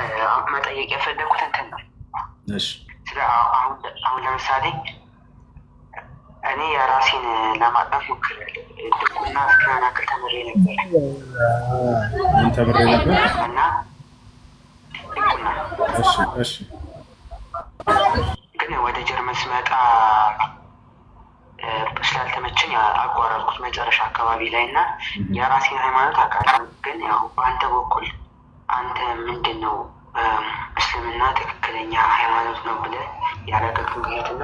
እና መጠየቅ የፈለኩት እንትን ነው። ስለ አሁን ለምሳሌ እኔ የራሴን ለማጥናት ሞክሬያለሁ። ድቁና እስከናክል ተምሬ ነበር ተምሬ ነበር እና ግን ወደ ጀርመን ስመጣ ስላልተመቸኝ አቋረጥኩት መጨረሻ አካባቢ ላይ እና የራሴን ሃይማኖት አውቃለሁ ግን ያው በአንተ በኩል አንተ ምንድን ነው እስልምና ትክክለኛ ሃይማኖት ነው ብለህ ያረገግ ምክንያትና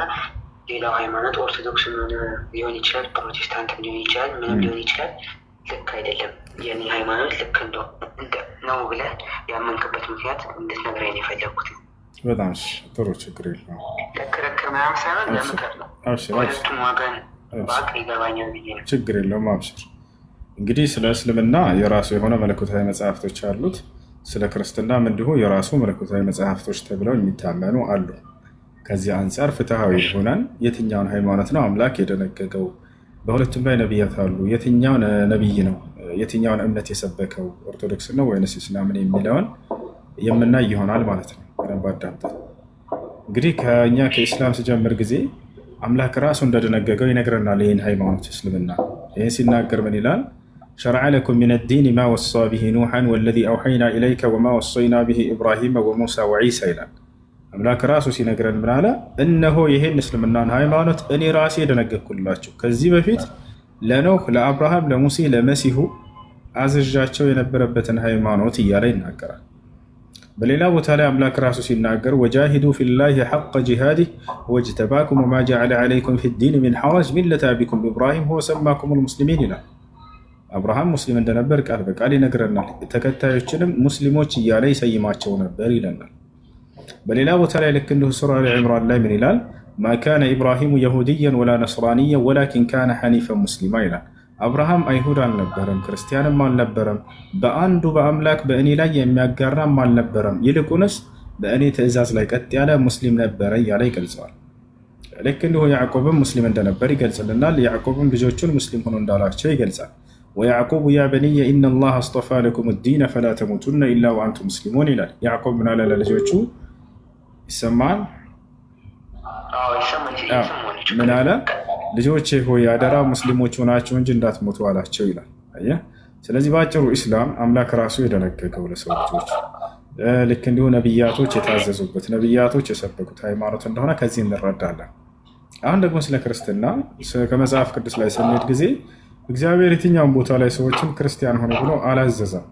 ሌላው ሃይማኖት ኦርቶዶክስ ሊሆን ይችላል፣ ፕሮቴስታንት ሊሆን ይችላል፣ ምንም ሊሆን ይችላል፣ ልክ አይደለም የኔ ሃይማኖት ልክ እንደ ነው ብለህ ያመንክበት ምክንያት እንድትነግረኝ ነው የፈለግኩት። በጣም ጥሩ ችግር የለም። ለክርክር ምናምን ሳይሆን ለምክር ነው። ሁለቱም ዋገን በቅ ይገባኛል ብዬ ነው። ችግር የለውም። አብሽር። እንግዲህ ስለ እስልምና የራሱ የሆነ መለኮታዊ መጽሐፍቶች አሉት። ስለ ክርስትናም እንዲሁ የራሱ መለኮታዊ መጽሐፍቶች ተብለው የሚታመኑ አሉ። ከዚህ አንጻር ፍትሐዊ ሆነን የትኛውን ሃይማኖት ነው አምላክ የደነገገው? በሁለቱም ላይ ነቢያት አሉ። የትኛው ነቢይ ነው የትኛውን እምነት የሰበከው? ኦርቶዶክስ ነው ወይንስ ኢስላምን የሚለውን የምናይ ይሆናል ማለት ነው። በደንብ አዳምጠ። እንግዲህ ከእኛ ከኢስላም ሲጀምር ጊዜ አምላክ ራሱ እንደደነገገው ይነግረናል። ይህን ሃይማኖት እስልምና ይህን ሲናገር ምን ይላል? شرع لكم من الدين ما وصى به نوحا والذي أوحينا إليك وما وصينا به إبراهيم وموسى وعيسى إلى أملاك راسو سينقر المنالة إنه يهي مسلم النان هاي مانوت أني راسي دنقه كل باتشو كذيب فيت لنوح لأبراهام لموسي لمسيه عزيز جاتشو ينبر ربتن هاي مانوت يالي ناقر بل إلا وتالي أملاك راسو سينقر وجاهدوا في الله حق جهاده واجتباكم وما جعل عليكم في الدين من حرج ملة بكم إبراهيم هو سماكم المسلمين لنا አብርሃም ሙስሊም እንደነበር ቃል በቃል ይነግረናል። ተከታዮችንም ሙስሊሞች እያለ ይሰይማቸው ነበር ይለናል። በሌላ ቦታ ላይ ልክ እንዲሁ ሱራ አሊ ላይ ምን ይላል? ማካነ ኢብራሂሙ የሁድያን ወላ ነስራንያን ወላኪን ካነ ሐኒፈን ሙስሊማ ይላል። አብርሃም አይሁድ አልነበረም፣ ክርስቲያንም አልነበረም፣ በአንዱ በአምላክ በእኔ ላይ የሚያጋራም አልነበረም፣ ይልቁንስ በእኔ ትእዛዝ ላይ ቀጥ ያለ ሙስሊም ነበረ እያለ ይገልጸዋል። ልክ እንዲሁ ያዕቆብም ሙስሊም እንደነበር ይገልጽልናል። ያዕቆብም ልጆቹን ሙስሊም ሆኖ እንዳላቸው ይገልጻል። ወያዕቁብ ያ በንየ ኢና ላህ አስጠፋ ለኩም ዲነ ፈላ ተሙቱና ኢላ ወአንቱ ሙስሊሙን ይላል። ያዕቆብ ምናለ ለልጆቹ? ይሰማል። ምን አለ? ልጆቼ ሆይ አደራ ሙስሊሞች ሆናችሁ እንጂ እንዳትሞቱ አላቸው ይላል። ስለዚህ በአጭሩ ኢስላም አምላክ ራሱ የደነገገው ለሰው ልጆች ልክ እንዲሁ ነብያቶች የታዘዙበት ነብያቶች የሰበኩት ሃይማኖት እንደሆነ ከዚህ እንረዳለን። አሁን ደግሞ ስለ ክርስትና ከመጽሐፍ ቅዱስ ላይ ስንሄድ ጊዜ እግዚአብሔር የትኛውን ቦታ ላይ ሰዎችን ክርስቲያን ሆነ ብሎ አላዘዘም።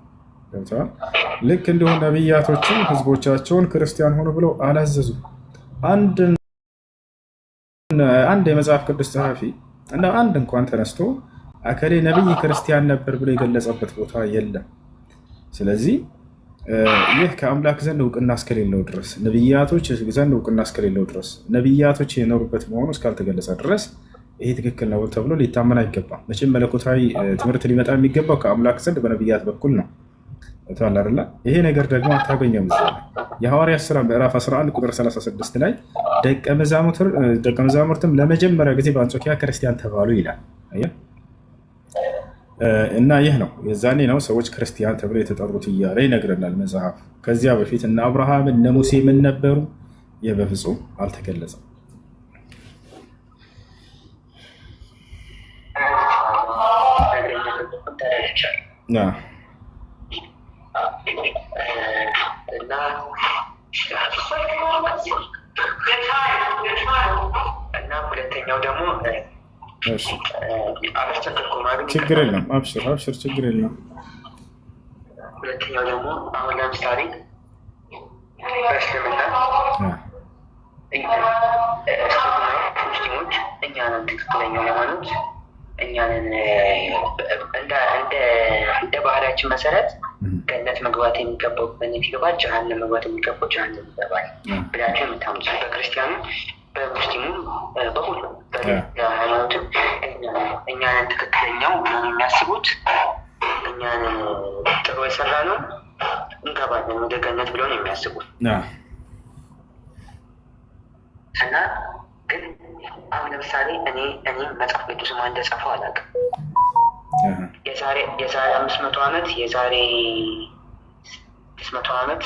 ገብተዋል። ልክ እንዲሁ ነቢያቶችም ህዝቦቻቸውን ክርስቲያን ሆኑ ብለው አላዘዙም። አንድ የመጽሐፍ ቅዱስ ጸሐፊ እና አንድ እንኳን ተነስቶ አከሌ ነቢይ ክርስቲያን ነበር ብሎ የገለጸበት ቦታ የለም። ስለዚህ ይህ ከአምላክ ዘንድ እውቅና እስከሌለው ድረስ ነቢያቶች ዘንድ እውቅና እስከሌለው ድረስ ነቢያቶች የኖሩበት መሆኑ እስካልተገለጸ ድረስ ይሄ ትክክል ነው ተብሎ ሊታመን አይገባም። መቼም መለኮታዊ ትምህርት ሊመጣ የሚገባው ከአምላክ ዘንድ በነብያት በኩል ነው። ተዋል ይሄ ነገር ደግሞ አታገኘም። የሐዋርያት ስራ ምዕራፍ 11 ቁጥር 36 ላይ ደቀ መዛሙርትም ለመጀመሪያ ጊዜ በአንጾኪያ ክርስቲያን ተባሉ ይላል። እና ይህ ነው የዛኔ ነው ሰዎች ክርስቲያን ተብሎ የተጠሩት እያለ ይነግረናል መጽሐፍ። ከዚያ በፊት እነ አብርሃም እነ ሙሴ ነበሩ? ይህ በፍጹም አልተገለጸም። አይቻልም እና ሁለተኛው ደግሞ ችግር የለም። አብሽር አብሽር፣ ችግር የለም። ሁለተኛው ደግሞ አሁን ለምሳሌ በእስልምና ሙስሊሞች እኛ ትክክለኛው ሃይማኖት እኛንን እንደ ባህሪያችን መሰረት ገነት መግባት የሚገባው ገነት ይገባል፣ ጀሃነም መግባት የሚገባው ጀሃነም ይገባል ብላቸው የምታምሱ በክርስቲያኑ፣ በሙስሊሙ፣ በሁሉ በሃይማኖትም እኛንን ትክክለኛው የሚያስቡት እኛን ጥሩ የሰራ ነው እንገባለን ወደ ገነት ብለው ነው የሚያስቡት እና አሁን ለምሳሌ እኔ እኔ መጽሐፍ ቅዱስ ማን እንደጻፈው አላውቅም። የዛሬ የዛሬ አምስት መቶ ዓመት የዛሬ ስድስት መቶ ዓመት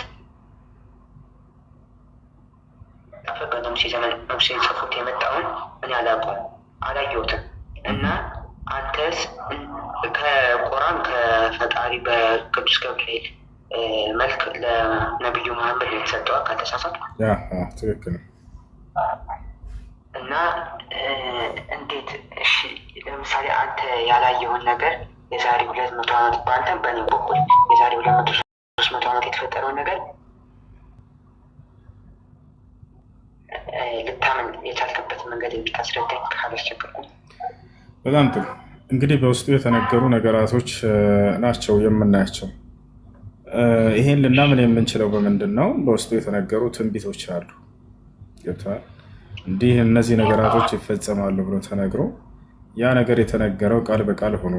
በሙሴ ዘመን ሙሴ ጽፎት የመጣውን እኔ አላውቀውም አላየሁትም። እና አንተስ ከቁራን ከፈጣሪ በቅዱስ ገብርኤል መልክ ለነቢዩ መሀመድ የተሰጠው ካልተሳሳትኩ ትክክል እና እንዴት እሺ፣ ለምሳሌ አንተ ያላየውን ነገር የዛሬ ሁለት መቶ ዓመት በአንተ በእኔ በኩል የዛሬ ሁለት መቶ ሶስት መቶ ዓመት የተፈጠረውን ነገር ልታምን የቻልክበት መንገድ እንድታስረዳኝ ካላስቸገርኩ። በጣም ጥሩ። እንግዲህ በውስጡ የተነገሩ ነገራቶች ናቸው የምናያቸው። ይሄን ልናምን የምንችለው በምንድን ነው? በውስጡ የተነገሩ ትንቢቶች አሉ። ገብተዋል እንዲህ እነዚህ ነገራቶች ይፈጸማሉ ብሎ ተነግሮ ያ ነገር የተነገረው ቃል በቃል ሆኖ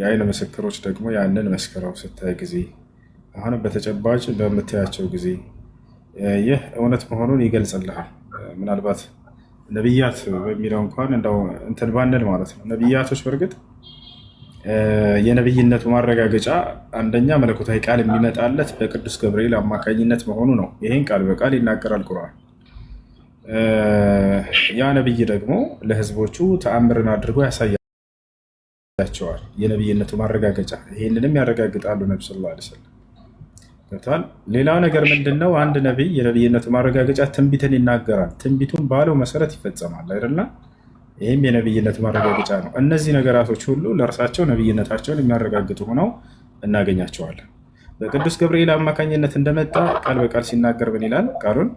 የአይን ምስክሮች ደግሞ ያንን መስክረው ስታይ ጊዜ አሁን በተጨባጭ በምታያቸው ጊዜ ይህ እውነት መሆኑን ይገልጽልሃል። ምናልባት ነቢያት በሚለው እንኳን እንደው እንትን ባንል ማለት ነው። ነቢያቶች በእርግጥ የነብይነቱ ማረጋገጫ አንደኛ መለኮታዊ ቃል የሚመጣለት በቅዱስ ገብርኤል አማካኝነት መሆኑ ነው። ይህን ቃል በቃል ይናገራል ቁርአን። ያ ነብይ ደግሞ ለህዝቦቹ ተአምርን አድርጎ ያሳያቸዋል። የነብይነቱ ማረጋገጫ ይህንንም ያረጋግጣሉ። ነቢ ስ ላ ስለም ሌላው ነገር ምንድን ነው? አንድ ነቢይ የነብይነቱ ማረጋገጫ ትንቢትን ይናገራል። ትንቢቱን ባለው መሰረት ይፈጸማል አይደለ? ይህም የነብይነት ማረጋገጫ ነው። እነዚህ ነገራቶች ሁሉ ለእርሳቸው ነብይነታቸውን የሚያረጋግጡ ሆነው እናገኛቸዋለን። በቅዱስ ገብርኤል አማካኝነት እንደመጣ ቃል በቃል ሲናገር ምን ይላል? ቃሉን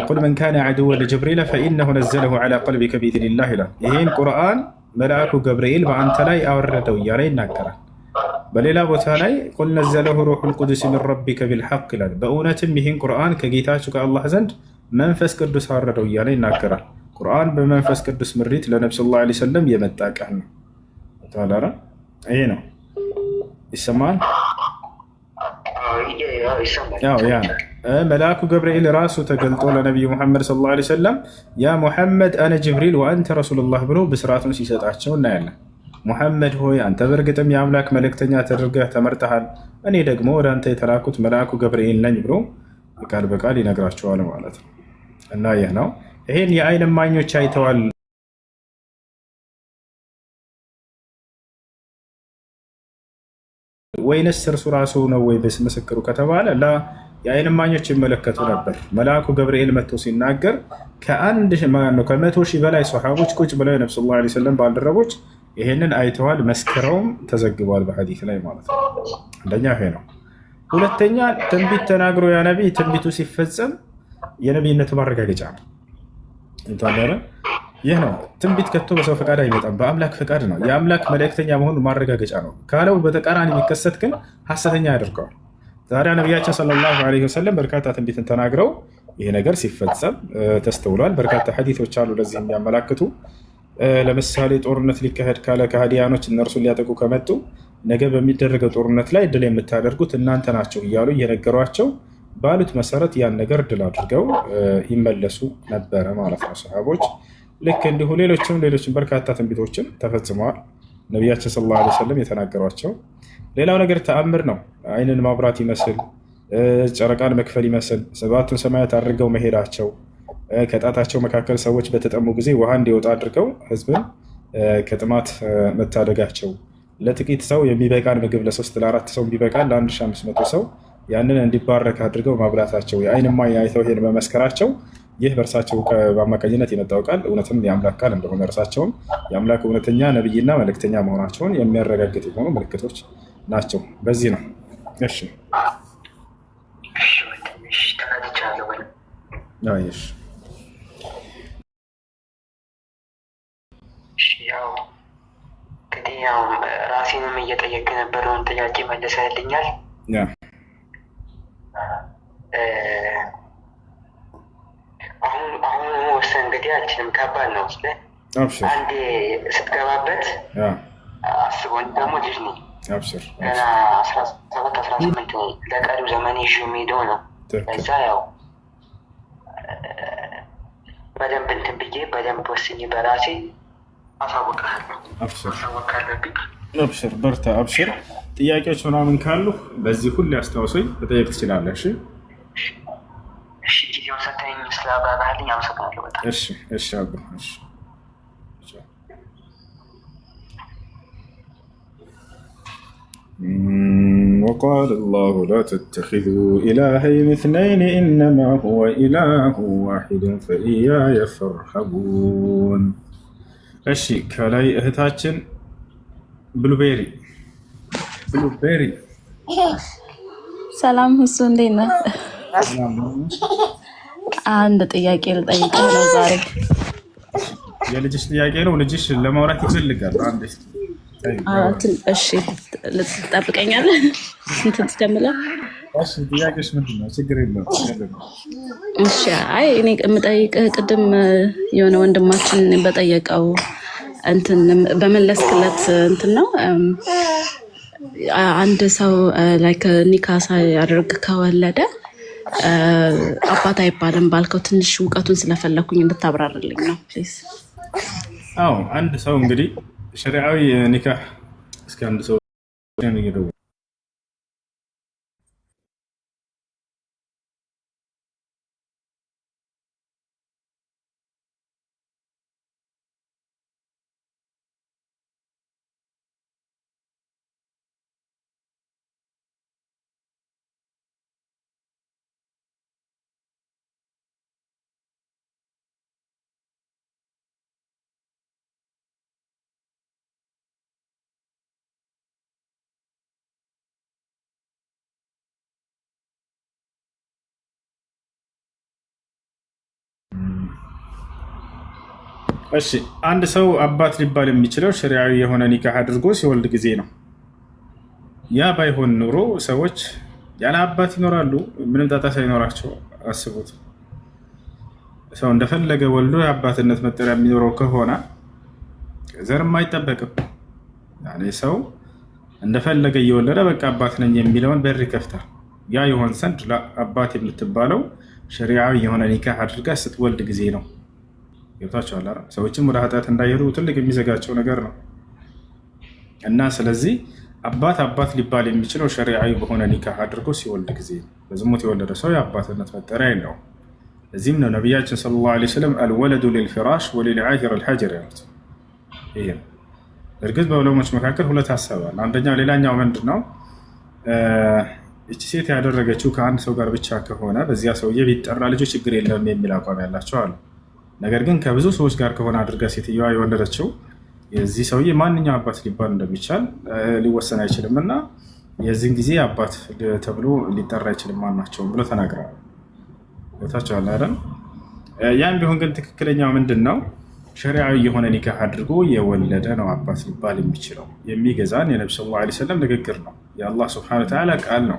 قل من كان عدوا لجبريل فإنه نزله على قلبك بإذن الله له يهين قرآن ملاك جبريل وأنت لا أوردو يري ناكرا بل إلى بوتالي قل نزله روح القدس من ربك بالحق لن بأونة مهين قرآن كجيتاشك الله زند منفس قدس هردو يري ناكرا قرآن بمنفس قدس مريت لنبس الله عليه وسلم يمتاك عنه تعالى را أين السمان؟ يا يا يا يا መልአኩ ገብርኤል ራሱ ተገልጦ ለነቢዩ ሙሐመድ ሰለላሁ ዓለይሂ ወሰለም ያ ሙሐመድ አነ ጅብሪል ወአንተ ረሱሉላህ ብሎ ብስራቱን ሲሰጣቸው እናያለን። ሙሐመድ ሆይ አንተ በእርግጥም የአምላክ መልእክተኛ ተደርገህ ተመርጠሃል፣ እኔ ደግሞ ወደ አንተ የተላኩት መልአኩ ገብርኤል ነኝ ብሎ ቃል በቃል ይነግራቸዋል ማለት ነው። እና ይህ ነው ይህን የአይን እማኞች አይተዋል። ወይንስ እርሱ ራሱ ነው ወይ ምስክሩ ከተባለ የአይን እማኞች ይመለከቱ ነበር። መልአኩ ገብርኤል መጥቶ ሲናገር ከአንድ ነው ከመቶ ሺህ በላይ ሰሓቦች ቁጭ ብለው ነብ ላ ሰለም ባልደረቦች ይህንን አይተዋል፣ መስክረውም ተዘግቧል በሐዲስ ላይ ማለት ነው። አንደኛ ይሄ ነው። ሁለተኛ ትንቢት ተናግሮ ያ ነቢይ ትንቢቱ ሲፈጸም የነቢይነቱ ማረጋገጫ ነው። ይህ ነው ትንቢት ከቶ በሰው ፈቃድ አይመጣም፣ በአምላክ ፈቃድ ነው። የአምላክ መልእክተኛ መሆኑ ማረጋገጫ ነው ካለው በተቃራኒ የሚከሰት ግን ሀሰተኛ ያደርገዋል። ታዲያ ነቢያችን ሰለላሁ ዐለይሂ ወሰለም በርካታ ትንቢትን ተናግረው ይህ ነገር ሲፈጸም ተስተውሏል። በርካታ ሐዲቶች አሉ ለዚህ የሚያመላክቱ። ለምሳሌ ጦርነት ሊካሄድ ካለ ከሃዲያኖች እነርሱን ሊያጠቁ ከመጡ ነገ በሚደረገው ጦርነት ላይ ድል የምታደርጉት እናንተ ናቸው እያሉ እየነገሯቸው ባሉት መሰረት ያን ነገር ድል አድርገው ይመለሱ ነበረ ማለት ነው ሰሃቦች። ልክ እንዲሁ ሌሎችም ሌሎችም በርካታ ትንቢቶችም ተፈጽመዋል። ነቢያችን ሰለላሁ ዐለይሂ ወሰለም የተናገሯቸው ሌላው ነገር ተአምር ነው። አይንን ማብራት ይመስል ጨረቃን መክፈል ይመስል ሰባቱን ሰማያት አድርገው መሄዳቸው ከጣታቸው መካከል ሰዎች በተጠሙ ጊዜ ውሃ እንዲወጣ አድርገው ህዝብን ከጥማት መታደጋቸው ለጥቂት ሰው የሚበቃን ምግብ ለሶስት ለአራት ሰው የሚበቃን ለ1500 ሰው ያንን እንዲባረክ አድርገው ማብላታቸው የአይን እማኝ አይተው ይሄን መመስከራቸው ይህ በእርሳቸው በአማካኝነት የመጣው ቃል እውነትም የአምላክ ቃል እንደሆነ እርሳቸውም የአምላክ እውነተኛ ነቢይና መልእክተኛ መሆናቸውን የሚያረጋግጥ የሆኑ ምልክቶች ናቸው። በዚህ ነው። እሺ ያው እንግዲህ ያው ራሴንም እየጠየቅ የነበረውን ጥያቄ መልሰህልኛል። አሁኑ ወሰን እንግዲህ አልችልም፣ ከባድ ነው። ስለ አንዴ ስትገባበት አስቦን ደግሞ ልጅ ነኝ አስራ ለቀሪው ዘመን ይዤ የሚሄደው ነው። እዛ ያው በደንብ እንትን ብዬ በደንብ ወስኝ በራሴ አብሽር በርታ፣ አብሽር። ጥያቄዎች ምናምን ካሉ በዚህ ሁሉ ያስታውሰኝ መጠየቅ ትችላለህ። እሺ፣ ጊዜውን ሰተኝ አመሰግናለሁ በጣም። እሺ፣ እሺ፣ እሺ وقال الله لا تتخذوا إلهين اثنين إنما هو إله واحد فإياي فارحبون እሺ ከላይ እህታችን ብሉቤሪ ብሉቤሪ ሰላም ሁሱ እንዴት ነህ? አንድ ጥያቄ ልጠይቅ ነው ዛሬ። የልጅሽ ጥያቄ ነው። ልጅሽ ለማውራት ይፈልጋል። አንድ እሺ ልትጠብቀኛለህ? እንትን ትጀምለህ? ጥያቄሽ ምንድን ነው? ችግር የለውም። እሺ አይ እኔ የምጠይቅህ ቅድም የሆነ ወንድማችን በጠየቀው እንትን በመለስክለት እንትን ነው አንድ ሰው ላይክ ኒካ ሳያደርግ ከወለደ አባት አይባልም ባልከው ትንሽ እውቀቱን ስለፈለኩኝ እንድታብራርልኝ ነው ፕሊዝ። አዎ አንድ ሰው እንግዲህ ሸሪዓዊ ኒካህ እስከ አንድ ሰው እሺ አንድ ሰው አባት ሊባል የሚችለው ሸሪያዊ የሆነ ኒካህ አድርጎ ሲወልድ ጊዜ ነው። ያ ባይሆን ኑሮ ሰዎች ያለ አባት ይኖራሉ፣ ምንም ጣጣ ሳይኖራቸው። አስቡት፣ ሰው እንደፈለገ ወልዶ የአባትነት መጠሪያ የሚኖረው ከሆነ ዘርም አይጠበቅም። ያኔ ሰው እንደፈለገ እየወለደ በቃ አባት ነኝ የሚለውን በር ይከፍታል። ያ የሆን ዘንድ አባት የምትባለው ሸሪዓዊ የሆነ ኒካህ አድርጋ ስትወልድ ጊዜ ነው። አ ሰዎችም ወደ ኃጢአት እንዳይሄዱ ትልቅ የሚዘጋቸው ነገር ነው እና ስለዚህ አባት አባት ሊባል የሚችለው ሸሪዓዊ በሆነ ኒካህ አድርጎ ሲወልድ ጊዜ በዝሙት የወለደ ሰው የአባትነት መጠሪያ የለውም። እዚህም ነው ነቢያችን ሰለላሁ ዓለይሂ ወሰለም አልወለዱ ሊልፊራሽ ወሊልዓሂር አልሐጀር ያሉት። ይህ እርግጥ በዑለሞች መካከል ሁለት ሀሳባል። አንደኛው ሌላኛው ምንድን ነው እቺ ሴት ያደረገችው ከአንድ ሰው ጋር ብቻ ከሆነ በዚያ ሰውዬ ቢጠራ ልጆ ችግር የለም የሚል አቋም ያላቸው አሉ። ነገር ግን ከብዙ ሰዎች ጋር ከሆነ አድርጋ ሴትዮዋ የወለደችው የዚህ ሰውዬ ማንኛው አባት ሊባል እንደሚቻል ሊወሰን አይችልም እና የዚህን ጊዜ አባት ተብሎ ሊጠራ አይችልም ማናቸውም ብሎ ተናግረዋል። ቦታቸዋል አይደል? ያም ቢሆን ግን ትክክለኛው ምንድን ነው ሸሪዓዊ የሆነ ኒካህ አድርጎ የወለደ ነው አባት ሊባል የሚችለው የሚገዛን የነቢ ስ ላ ስለም ንግግር ነው። የአላህ ስብሐነ ተዓላ ቃል ነው።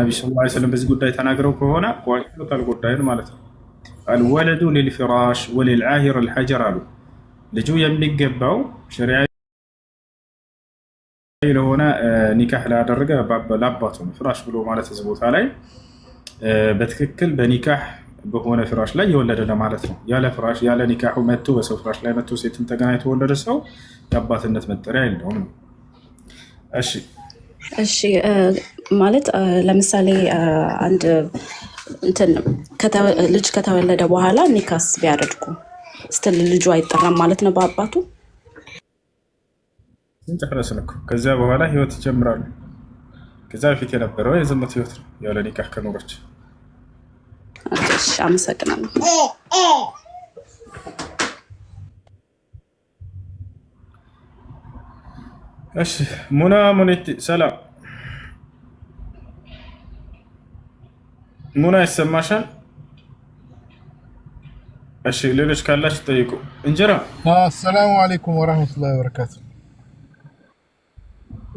ነቢ ስ ላ ስለም በዚህ ጉዳይ ተናግረው ከሆነ ቋል ጉዳይን ማለት ነው አልወለዱ ልልፍራሽ ወልልአሂር አልሐጀር አሉ። ልጁ የሚገባው ሸሪዓ ለሆነ ኒካህ ላደረገ ለአባቱ ነው። ፍራሽ ብሎ ማለት እዚህ ቦታ ላይ በትክክል በኒካህ በሆነ ፍራሽ ላይ የወለደ ለማለት ነው። ያለ ፍራሽ ያለ ኒካሁ መቶ በሰው ፍራሽ ላይ መቶ ሴትም ተገናኝቶ የተወለደ ሰው የአባትነት መጠሪያ የለውም። እሺ እሺ። ማለት ለምሳሌ አንድ እንትን ልጅ ከተወለደ በኋላ ኒካስ ቢያደርጉ ስትል ልጁ አይጠራም ማለት ነው በአባቱ ጨረስን እኮ ከዚያ በኋላ ህይወት ይጀምራሉ። ከዚያ በፊት የነበረው የዝሙት ህይወት ነው ያለ ኒካህ ከኖሮች። አመሰግናለሁ። እሺ ሙና ሙኒቲ ሰላም ሙና ይሰማሻል? እሺ፣ ሌሎች ካላችሁ ጠይቁ። እንጀራ አሰላሙ አለይኩም ወራህመቱላሂ ወበረካቱ።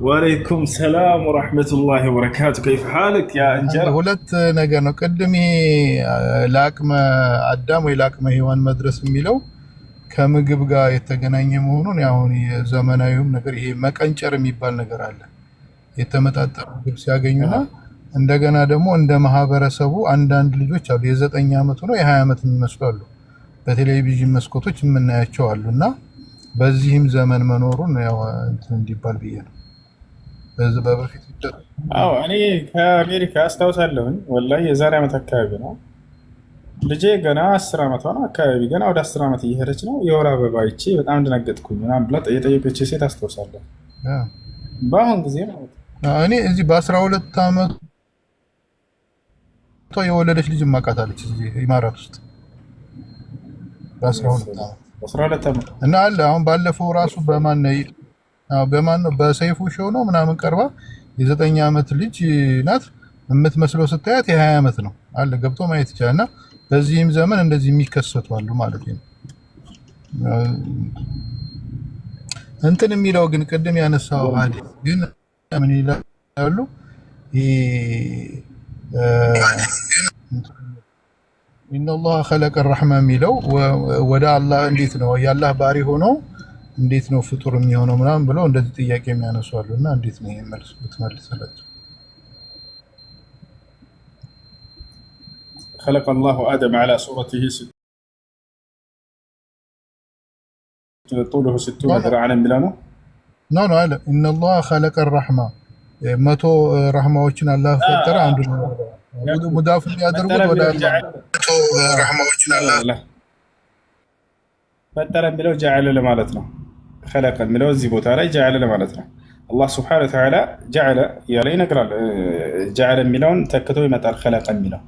ወአለይኩም ሰላም ወራህመቱላሂ ወበረካቱ። ከይፍ ሐልክ ያ እንጀራ? ሁለት ነገር ነው። ቅድም ለአቅመ አዳም ወይ ለአቅመ ሔዋን መድረስ የሚለው ከምግብ ጋር የተገናኘ መሆኑን አሁን የዘመናዊውም ነገር ይሄ መቀንጨር የሚባል ነገር አለ። የተመጣጠነ ምግብ ሲያገኙና እንደገና ደግሞ እንደ ማህበረሰቡ አንዳንድ ልጆች አሉ የዘጠኝ ዓመት ሆነው የሀያ ዓመት የሚመስሉ አሉ። በቴሌቪዥን መስኮቶች የምናያቸው አሉ እና በዚህም ዘመን መኖሩን ያው እንትን እንዲባል ብዬ ነው። በበፊት እኔ ከአሜሪካ አስታውሳለሁኝ ወላሂ የዛሬ ዓመት አካባቢ ነው ልጄ ገና አስር ዓመቷ ነው አካባቢ ገና ወደ አስር ዓመት እየሄደች ነው። የወር አበባ አይቼ በጣም ደነገጥኩኝ ምናምን ብላ የጠየቀች ሴት አስታውሳለሁ። በአሁን ጊዜ ማለት ነው እኔ እዚህ በአስራ ሁለት ዓመቱ ቶ የወለደች ልጅ ማቃታለች ኢማራት ውስጥ እና አለ አሁን ባለፈው ራሱ በማን ነው በማን ነው በሰይፉ ሾው ነው ምናምን ቀርባ የዘጠኝ ዓመት ልጅ ናት የምትመስለው ስታያት የሀያ ዓመት ነው አለ ገብቶ ማየት ይቻላል። እና በዚህም ዘመን እንደዚህ የሚከሰቱ አሉ ማለት ነው። እንትን የሚለው ግን ቅድም ያነሳው አዲ ግን ምን ይላሉ ኢነላህ ኸለቀ ረሕማ የሚለው ወደ አላህ እንዴት ነው የአላህ ባሪ ሆኖ እንዴት ነው ፍጡር የሚሆነው ምናምን ብለው እንደዚህ ጥያቄ የሚያነሱ አሉ። እና እንዴት ነው ይሄን መልስ ብትመልስላቸው? خلق الله آدم على صورته طوله ستون ذراعا ميلانو نو نو إن الله خلق الرحمة መቶ ረህማዎችን አላህ ፈጠረ። አንዱ ሙዳፍ የሚያደርጉት ወደ ፈጠረ የሚለው ጀዓለ ለማለት ነው። ኸለቀ የሚለው እዚህ ቦታ ላይ ጀዓለ ለማለት ነው። አላህ ስብሐነ ወተዓላ ጀዓለ እያለ ይነግራል። ጀዓለ የሚለውን ተክቶ ይመጣል ኸለቀ የሚለው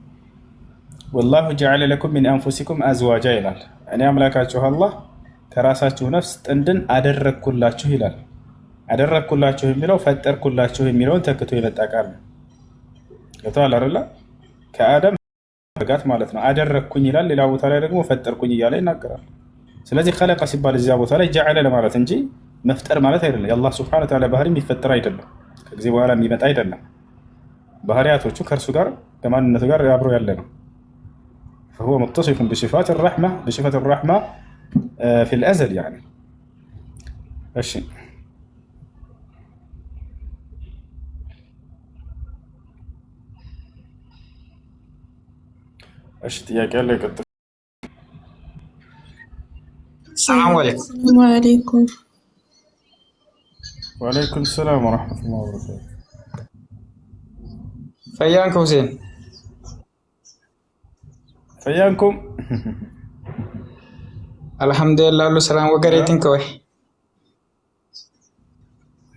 ወላሁ ጀዓለ ለኩም ሚን አንፉሲኩም አዝዋጃ ይላል። እኔ አምላካችሁ አላህ ከራሳችሁ ነፍስ ጥንድን አደረግኩላችሁ ይላል። አደረግኩላችሁ የሚለው ፈጠርኩላችሁ የሚለውን ተክቶ የመጣ ቃል ነው። ገብተዋል አይደለ? ከአደም መርጋት ማለት ነው። አደረግኩኝ ይላል፣ ሌላ ቦታ ላይ ደግሞ ፈጠርኩኝ እያለ ይናገራል። ስለዚህ ከለቀ ሲባል እዚያ ቦታ ላይ ጀዐለ ለማለት እንጂ መፍጠር ማለት አይደለም። የአላህ ስብሐነ ወተዓላ ባህሪ የሚፈጠር አይደለም፣ ከጊዜ በኋላ የሚመጣ አይደለም። ባህሪያቶቹ ከእርሱ ጋር ከማንነቱ ጋር አብሮ ያለ ነው። فهو متصف بصفات الرحمة بصفة الرحمة في الأزل እሺ ايش تياك لك السلام عليكم السلام عليكم وعليكم السلام ورحمة الله وبركاته فيانكم زين فيانكم الحمد لله له سلام وقريتين كوي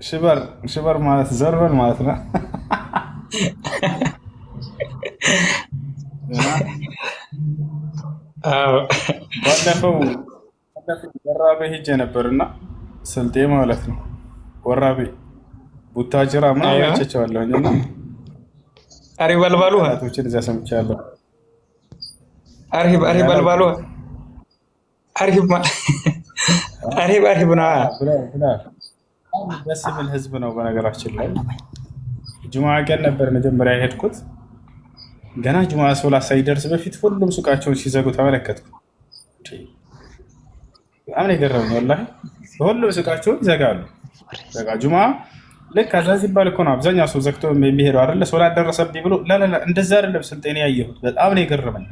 شبر شبر مالت زربل مالتنا ባለፈው ወራቤ ሄጄ ነበር እና ስልጤ ማለት ነው ወራቤ ቡታጅራ ምን አይቻቸዋለሁኝ እና አሪበልባሉ ቶችን እዚያ ሰምቻለሁ። አርሂብ አርሂብ አልባሉ አርሂብ ነው ደስ የሚል ህዝብ ነው። በነገራችን ላይ ጅማ ቀን ነበር መጀመሪያ የሄድኩት ገና ጁማ ሶላት ሳይደርስ በፊት ሁሉም ሱቃቸውን ሲዘጉ ተመለከትኩ። በጣም የገረመኝ ወላሂ፣ በሁሉም ሱቃቸውን ይዘጋሉ። በቃ ጁማ ልክ ከዛ ሲባል እኮ ነው አብዛኛው ሰው ዘግቶ የሚሄደው አይደለ? ሶላት ደረሰብኝ ብሎ ላላ፣ እንደዛ አይደለም ስልጤኔ ያየሁት። በጣም ነው የገረመኝ።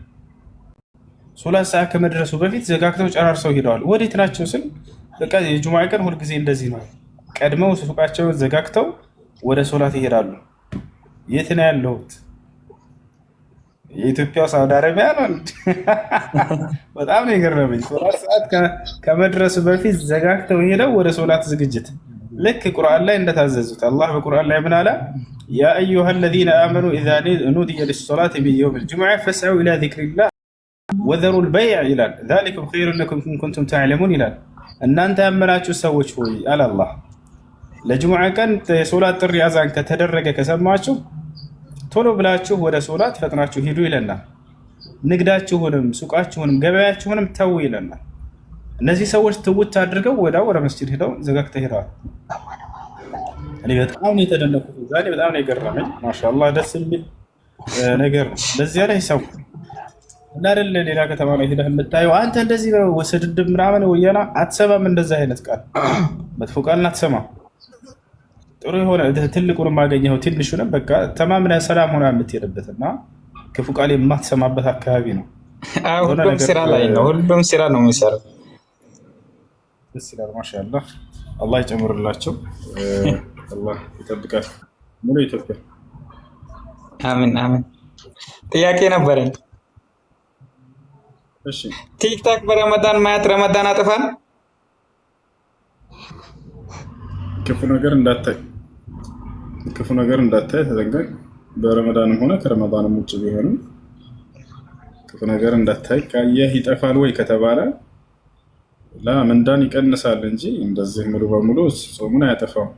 ሶላት ሰዓት ከመድረሱ በፊት ዘጋግተው ጨራርሰው ሄደዋል። ወዴት ናቸው ስል በቃ የጁማ ቀን ሁልጊዜ እንደዚህ ነው፣ ቀድመው ሱቃቸውን ዘጋግተው ወደ ሶላት ይሄዳሉ። የት ነው ያለሁት? የኢትዮጵያ ሳውዲ አረቢያ ነው። በጣም ነው የገረመኝ። ሶላት ሰዓት ከመድረሱ በፊት ዘጋግተው ሄደው ወደ ሶላት ዝግጅት ልክ ቁርአን ላይ እንደታዘዙት አላህ በቁርአን ላይ ምን አለ? ያ አዩሃ ለዚነ አመኑ ኢዛ ኑድየ ሊሶላት ሚን የውም ልጅሙዓ ፈስዐው ኢላ ዚክሪላህ ወዘሩ ልበይዕ ይላል። ዛሊኩም ኸይሩ ለኩም ኢን ተዕለሙን ይላል። እናንተ ያመናችሁ ሰዎች ሆይ አለ አላህ ለጅሙዓ ቀን የሶላት ጥሪ አዛን ከተደረገ ከሰማችሁ ቶሎ ብላችሁ ወደ ሶላት ፈጥናችሁ ሂዱ ይለናል። ንግዳችሁንም ሱቃችሁንም ገበያችሁንም ተዉ ይለናል። እነዚህ ሰዎች ትውት አድርገው ወዳው ወደ መስጅድ ሄደው ዘጋግተ ሄደዋል። እኔ በጣም ነው የተደነኩት። ዛሬ በጣም ነው የገረመኝ። ማሻላ ደስ የሚል ነገር ነው። በዚያ ላይ ሰው እናደለ ሌላ ከተማ ላይ ሄደህ የምታየው አንተ እንደዚህ ስድድብ ምናምን ወያና አትሰማም። እንደዚህ አይነት ቃል መጥፎ ቃልን አትሰማም። ጥሩ የሆነ ትልቁንም አገኘኸው ትንሹንም በቃ ተማምነህ ሰላም ሆና የምትሄድበት እና ክፉ ቃል የማትሰማበት አካባቢ ነው። ሁሉም ስራ ላይ ነው። ሁሉም ስራ ነው የሚሰራው። ደስ ይላል። ማሻላ አላህ ይጨምርላቸው፣ አላህ ይጠብቃል። ሙሉ ኢትዮጵያ አሚን አሚን። ጥያቄ ነበረኝ። ቲክታክ በረመዳን ማየት ረመዳን አጥፋን ክፉ ነገር እንዳታይ ክፉ ነገር እንዳታይ ተጠንቀቅ። በረመዳንም ሆነ ከረመዳንም ውጭ ቢሆንም ክፉ ነገር እንዳታይ ካየህ ይጠፋል ወይ ከተባለ ላ ምንዳን ይቀንሳል እንጂ እንደዚህ ሙሉ በሙሉ ጾሙን አያጠፋውም።